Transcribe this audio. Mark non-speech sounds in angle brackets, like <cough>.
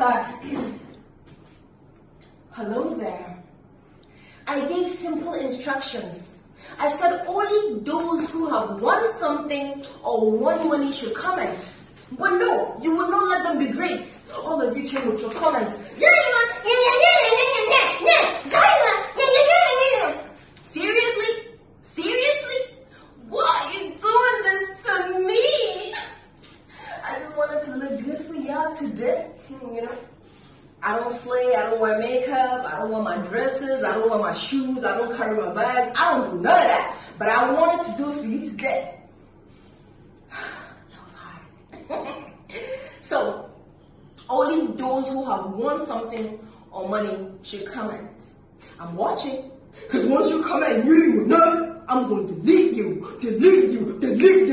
<clears throat> Hello there. I gave simple instructions. I said only those who have won something or won money should comment. But no, you would not let them be great. All of you came with your comments. Yay! today, you know. I don't slay, I don't wear makeup, I don't wear my dresses, I don't wear my shoes, I don't carry my bags, I don't do none of that. But I wanted to do it for you today. <sighs> that was hard. <laughs> so, only those who have won something or money should comment. I'm watching. Because once you comment, you ain't with none, I'm going to delete you, delete you, delete you.